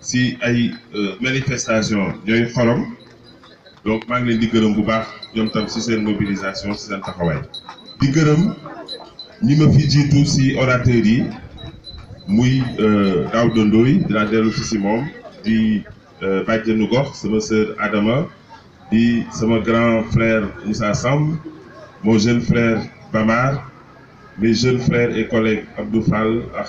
si ay euh, manifestation ñoy xorom donc maa ngi leen di gërëm bu baax ñoom tam si seen mobilisation si seen taxawaay di gërëm ñi ma fi jiitu si orateur yi muy euh, Daouda de dinaa dellu si si moom di euh, bàjjenu gox sama sœur Adama di sama grand frère Moussa Sam, mon jeune frère Bamar mes jeunes frères et collègues Abdou Fall ak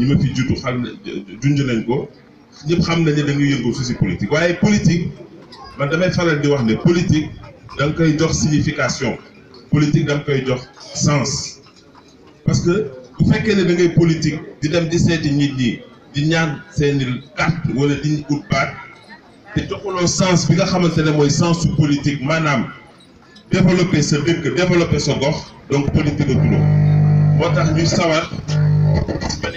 ñi ma fi juddu xam junj nañ ko ñëpp xam nañ ne dañuy yëngu si si politique waaye politique man damay faral di wax ne politique da nga koy jox signification politique da nga koy jox sens parce que bu fekkee ne da ngay politique di dem di seeti nit ñi di ñaan seeni carte wala di ut baat te joxuloo sens bi nga xamante ne mooy sens su politique maanaam développer sa dëkk développer sa gox donc politique a moo tax ñuy sawar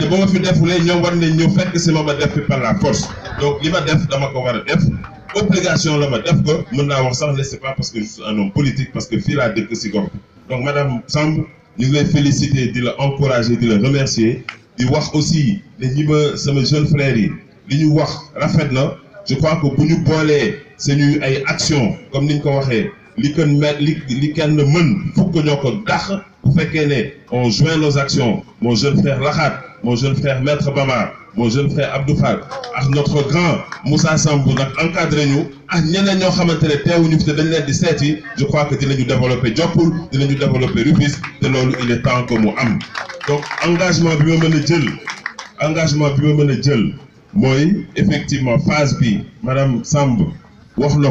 de ba ma fi defulee ñoom war nañ ñëw fekk que ma ma def fi par la force donc li ma def dama ko war def obligation la ma def ko mon naa wax ne c'est pas parce que je suis un homme politique parce que fii la dëkk si donc madame Samb ñu ngi lay féliciter di la encourager di la remercier di wax aussi les ñi ma sama jeune frère yi li ñu wax rafet na je crois que nous ñu c'est suñuy ay action comme nous ñu ko li kenn mën li li kenn mën fukk ñoo on joint nos actions mon jeune frère Laxaat mon jeune frère maître Bama mon jeune frère Abdou Fall notre grand Moussa Sambou a encadré ñu ak ñeneen ñoo xamante ne fi nous faisons leen di je crois que développé développer nous avons développer Rufisque te loolu il est temps que mu am donc engagement bi ma engagement bi ma Moi, effectivement phase B. madame Sambou wax na